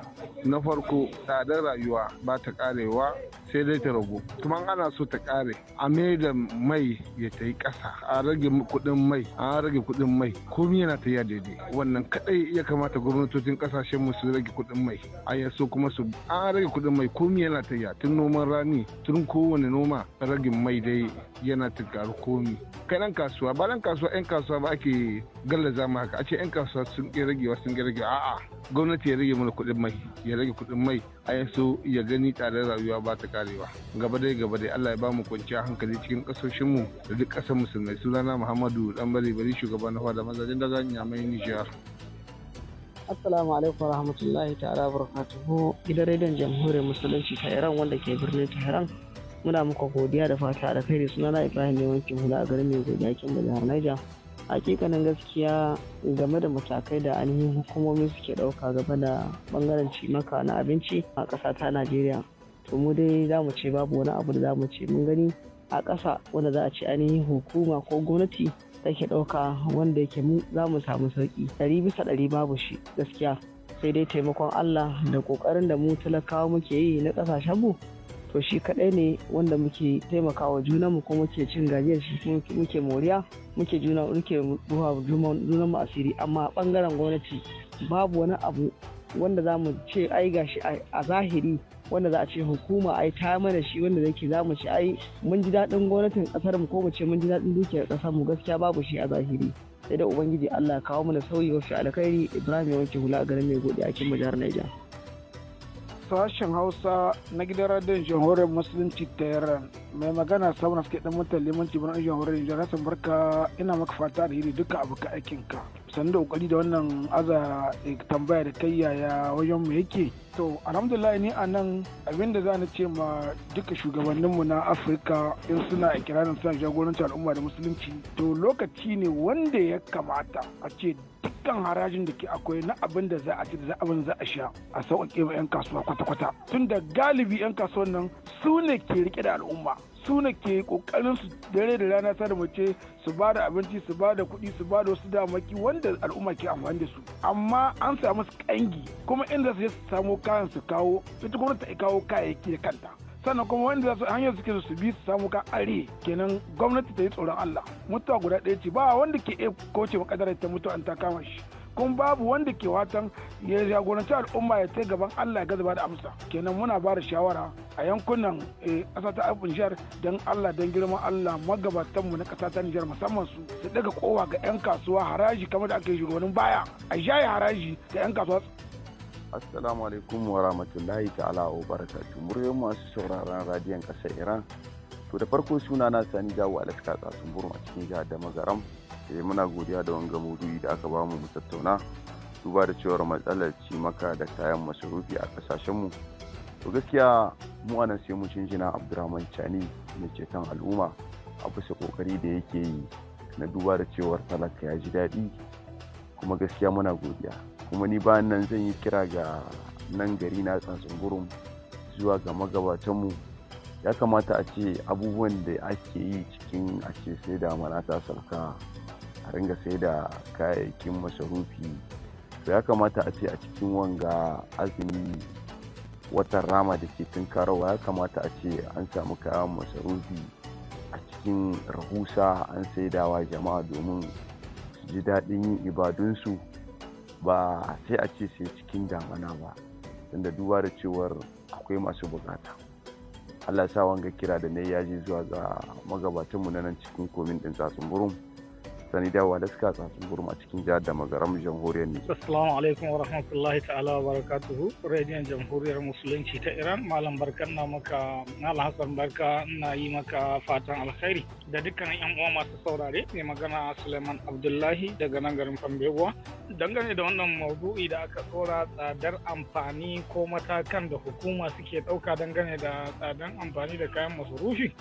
[SPEAKER 14] na farko tsadar rayuwa ba ta karewa sai dai ta ragu kuma ana so ta kare a da mai ya ta yi ƙasa a rage kuɗin mai a rage kuɗin mai komi yana ta daidai wannan kadai ya kamata gwamnatocin kasashen mu su rage kuɗin mai a so kuma su an rage kuɗin mai komi yana ta yi tun noman rani tun kowane noma ragin mai dai yana ta karu komi kai kasuwa ba kasuwa 'yan kasuwa ba ake gallaza mu haka a ce 'yan kasuwa sun ƙi ragewa sun ƙi rage a'a gwamnati ya rage mana kuɗin mai ya rage kuɗin mai a so ya gani tsadar rayuwa ba ta karewa gaba dai gaba dai Allah ya ba mu kwanciya hankali cikin kasashen mu da duk ƙasar musulmai sunana Muhammadu Dan Bari Bari shugaban na da mazajin da zan yamai Nijar.
[SPEAKER 11] Assalamu alaikum warahmatullahi ta'ala barakatuhu gidan rediyon jamhuriyar musulunci ta Iran wanda ke birnin Tehran muna muka godiya da fata da kai sunana Ibrahim Yawancin Hula a garin mai godiya kin da jihar Niger hakikanin gaskiya game da matakai da ainihin hukumomi suke ɗauka game da ɓangaren cimaka na abinci a ƙasa ta najeriya to mu dai za mu ce babu wani abu da za mu ce mun gani a ƙasa wanda za a ce ainihin hukuma ko gwamnati take ɗauka wanda yake mu za mu samu sauƙi ɗari bisa ɗari babu shi gaskiya sai dai taimakon allah da ƙoƙarin da mu talakawa muke yi na ƙasashenmu to shi kaɗai ne wanda muke taimakawa juna mu kuma muke cin gajiyar shi muke moriya muke juna muke ruwa juna mu asiri amma bangaren gwamnati babu wani abu wanda za mu ce ai gashi a zahiri wanda za a ce hukuma ai ta mana shi wanda zake za mu ce ai mun ji daɗin gwamnatin ƙasar mu ko mu ce mun ji daɗin dukiyar ƙasar mu gaskiya babu shi a zahiri sai da ubangiji Allah kawo mana sauyi wasu alkhairi Ibrahim ya wanke hula a garin mai gode a cikin jihar Niger
[SPEAKER 15] sashen hausa na gidan radiyon jamhuriyar musulunci ta yaran mai magana samun suke dan mutan limanci birnin jamhuriyar nijar hassan barka ina maka fata da hiri duka aikin ka sannu da kokari da wannan aza eh, tambaya da kai yaya wajen mu yake to alhamdulillah ni a nan da za ni ce ma duka shugabanninmu na afirka in suna ikirarin suna jagoranci al'umma da musulunci to lokaci ne wanda ya kamata a ce dukkan harajin da ke akwai na abin da za a ci da abin za a sha a sauƙaƙe wa 'yan kasuwa kwata-kwata tun da galibi 'yan kasuwan nan su ne ke rike da al'umma su ne ke ƙoƙarin su dare da rana ta da mace su ba da abinci su ba da kuɗi su ba da wasu damaki wanda al'umma ke amfani da su amma an samu su kangi kuma inda su je su samo kayan su kawo ita gwamnati ta kawo kayayyaki da kanta sannan kuma wanda za su hanyar suke su bi su samu ka are kenan gwamnati ta yi tsoron Allah mutuwa guda ɗaya ce ba wanda ke iya kauce makadarar ta mutu an ta kama shi kun babu wanda ke watan ya jagoranci al'umma ya ta gaban Allah ya gazaba da amsa kenan muna ba da shawara a yankunan eh, ƙasa ta Afin jihar don Allah don girman Allah magabatan mu na ƙasa ta Nijar musamman su su daga kowa ga 'yan kasuwa haraji kamar da ake shugabannin baya a jaye haraji ga 'yan kasuwa
[SPEAKER 16] assalamu alaikum wa rahmatullahi ta'ala wa barakatuh muryoyin masu sauraron radiyon ƙasar iran to da farko suna na sani jawo alaska tsatsun burma a cikin jihar da magaram sai eh, muna godiya da wanga maudu'i da aka bamu mu tattauna duba da cewar matsalar cimaka da kayan masarufi a ƙasashenmu to gaskiya mu anan sai mu jinjina abdurrahman chani mai ceton al'umma a bisa kokari da yake yi na duba da cewar talaka ya ji daɗi kuma gaskiya muna godiya kuma ni bayan nan zan yi kira ga nan gari na tsantsungurum zuwa ga magabatanmu ya kamata a ce abubuwan da ake yi cikin a ce sai da ta sauka a ringa sai da kayayyakin masarufi to ya kamata a ce a cikin wanga azumi watan rama da ke tunkarawa ya kamata a ce an samu kayan masarufi a cikin rahusa an saidawa jama'a domin ji daɗin yin ibadunsu ba sai a ce sai cikin damana ba tunda duba da cewar akwai masu bukata allah sa wanga kira da na yaji zuwa ga magabatanmu na nan cikin komin ɗin tsatsun burin sani dawa da suka tsatsun gurma cikin jihar da magaram jamhuriyar ne.
[SPEAKER 3] Assalamu alaikum wa rahmatullahi ta'ala wa barakatuhu. Radiyon jamhuriyar musulunci ta Iran malam barkan na maka Hassan barka ina yi maka fatan alkhairi da dukkanin yan uwa masu saurare ne magana Suleiman Abdullahi daga nan garin Fambewa. Dangane da wannan maudu'i da aka tsora tsadar amfani ko matakan da hukuma suke ɗauka dangane da tsadar amfani da kayan masarufi.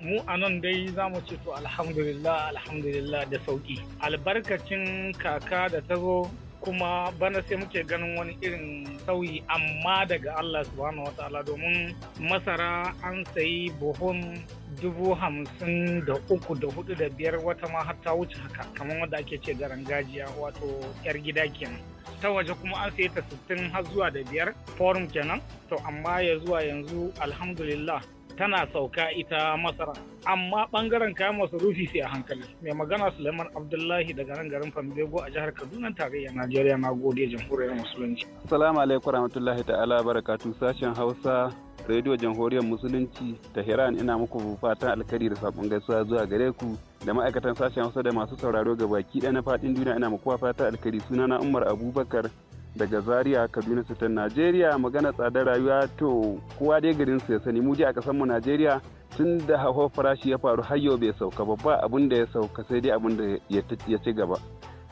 [SPEAKER 3] Mu a nan dai za mu ce to alhamdulillah alhamdulillah da sauki albarkacin kaka da ta zo kuma bana sai muke ganin wani irin sauyi amma daga Allah subhanahu wataala domin masara an sayi buhun dubu hamsin da uku da hudu da biyar wata ma har ta wuce haka kamar wanda ake ce garan gajiya wato yar gida kenan ta waje kuma an sayi ta sittin har zuwa da biyar forum kenan to amma ya zuwa yanzu alhamdulillah tana sauka ita masara amma bangaren kayan masarufi sai a hankali mai magana suleiman abdullahi daga nan garin fambego a jihar kaduna tarayya najeriya na gode
[SPEAKER 13] jamhuriyar musulunci
[SPEAKER 8] assalamu alaikum rahmatullahi ta'ala barakatu sashen hausa rediyo jamhuriyar musulunci ta hiran ina muku fatan alkari da sabon gaisuwa zuwa gare ku da ma'aikatan sashen hausa da masu sauraro ga baki ɗaya na faɗin duniya ina muku fatan suna sunana umar abubakar daga Zaria Kaduna ta Najeriya magana tsadar rayuwa to kowa dai garin su ya sani mu a kasar mu Najeriya tun da hawa farashi ya faru har bai sauka ba ba abin da ya sauka sai dai abin da ya ci gaba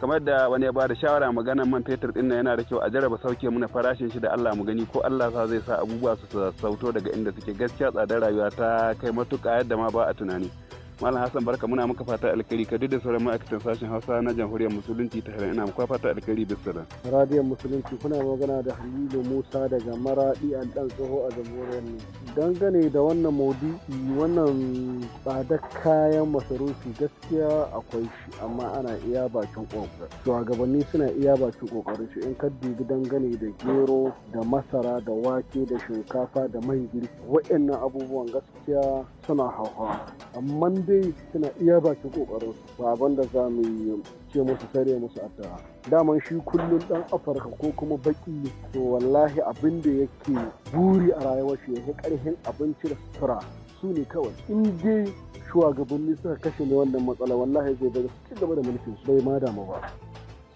[SPEAKER 8] kamar da wani ya bada shawara maganar man fetur din yana da kyau a jaraba sauke muna farashin shi da Allah mu gani ko Allah sa zai sa abubuwa su sauto daga inda suke gaskiya tsadar rayuwa ta kai matuƙa yadda ma ba a tunani malam hassan barka muna maka fata alkhairi ka da sauran ma'aikatan sashen hausa na jamhuriyar musulunci ta ina maka fata alkhairi bisalan
[SPEAKER 2] radiyon musulunci kuna magana da halilu musa daga maradi an dan tsoho a jamhuriyar ne dangane da wannan modi wannan tsadar kayan masarufi gaskiya akwai shi amma ana iya bakin kokari shugabanni suna iya bakin kokarin shi in ka dubi dangane da gero da masara da wake da shinkafa da man girki
[SPEAKER 14] waɗannan abubuwan gaskiya suna hauhawa amma dai suna iya bakin kokarin ba abin da za mu yi ce musu sare musu addu'a daman shi kullum dan
[SPEAKER 2] afirka ko kuma baki to wallahi abin da yake buri a rayuwar shi yake karhin abinci da sutura su ne kawai in dai shugabanni suka kashe ne wannan matsala wallahi zai daga su ci gaba da mulkin su bai ma damu ba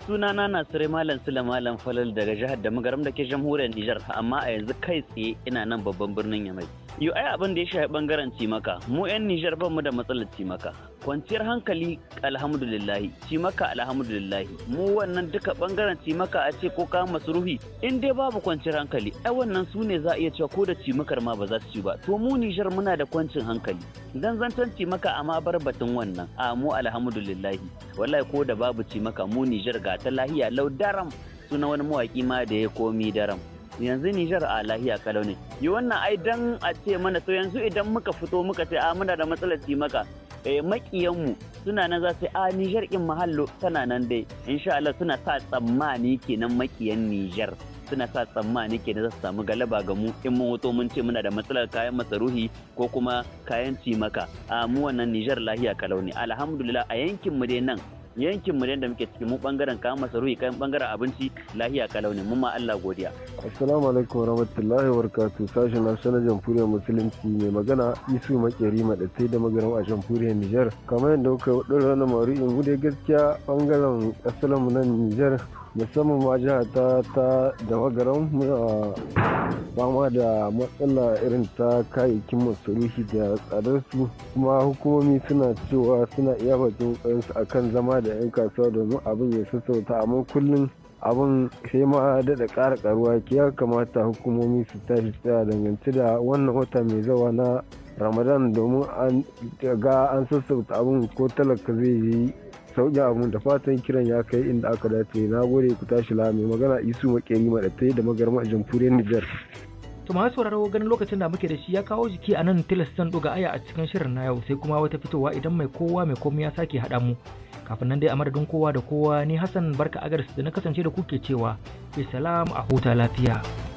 [SPEAKER 17] sunana nasirai malam sula malam falal daga jihar da magaram da ke jamhuriyar nijar amma a yanzu kai tsaye ina nan babban birnin yamai yo ai abin da ya shafi bangaren cimaka mu 'yan nijar mu da matsalar cimaka kwanciyar hankali alhamdulillahi cimaka alhamdulillahi mu wannan duka bangaren cimaka a ce ko kayan masarufi in dai babu kwanciyar hankali ai wannan su ne za a iya cewa ko da cimakar ma ba za su ci ba to mu nijar muna da kwancin hankali dan zantan cimaka a ma barbatin wannan a mu alhamdulillahi wallahi ko da babu cimaka mu nijar ga ta lahiya lau daram suna wani mawaki ma da ya komi daram yanzu Nijar a lahiya kalau ne yi wannan ai dan a ce mana to yanzu idan muka fito muka ce a ah, muna da matsalar maka eh makiyanmu suna nan za su a ah, Nijar in mahallo tana nan dai insha Allah suna sa tsammani kenan makiyan Nijar suna sa tsammani kenan za su samu galaba ga mu in mun wato mun ce muna da matsalar kayan masaruhi ko kuma kayan cimaka a ah, mu wannan Nijar lahiya kalau ne alhamdulillah a yankin mu dai nan yankin mu da muke ciki mu bangaren kayan masarufi kayan bangaren abinci lahiya ka mun ma Allah godiya
[SPEAKER 2] assalamu alaikum warahmatullahi wabarakatu sashen na sanar jamhuriyar musulunci mai magana isu makeri madatai da magaran a jamhuriyar Nijar kamar yadda kuka rana na in gude gaskiya bangaren asalin mu nan Nijar musamman ma jiha
[SPEAKER 14] ta ta fama da matsala irin ta kayayyakin masarufi da tsadar su kuma hukumomi suna cewa suna iya bakin a akan zama da 'yan kasuwa domin abin ya sassauta amma kullum abin
[SPEAKER 2] sai ma daɗa kara ƙaruwa ke ya kamata hukumomi su tashi tsaya dangance da wannan wata mai zawa na ramadan domin an ga an sassauta abin ko talaka
[SPEAKER 8] zai yi sauya mun da fatan kiran ya kai inda aka dace na gode ku tashi mai magana
[SPEAKER 12] isu makeri madattai da magarma a jamhuriyar Nijar.
[SPEAKER 5] To ma sauraro ganin lokacin da muke da shi ya kawo jiki a nan tilastan doga aya a cikin shirin na yau sai kuma wata fitowa idan mai kowa mai komai ya sake haɗa mu. Kafin nan dai a madadin kowa da kowa ni Hassan Barka agars da na kasance da kuke cewa, Bisalam a huta lafiya.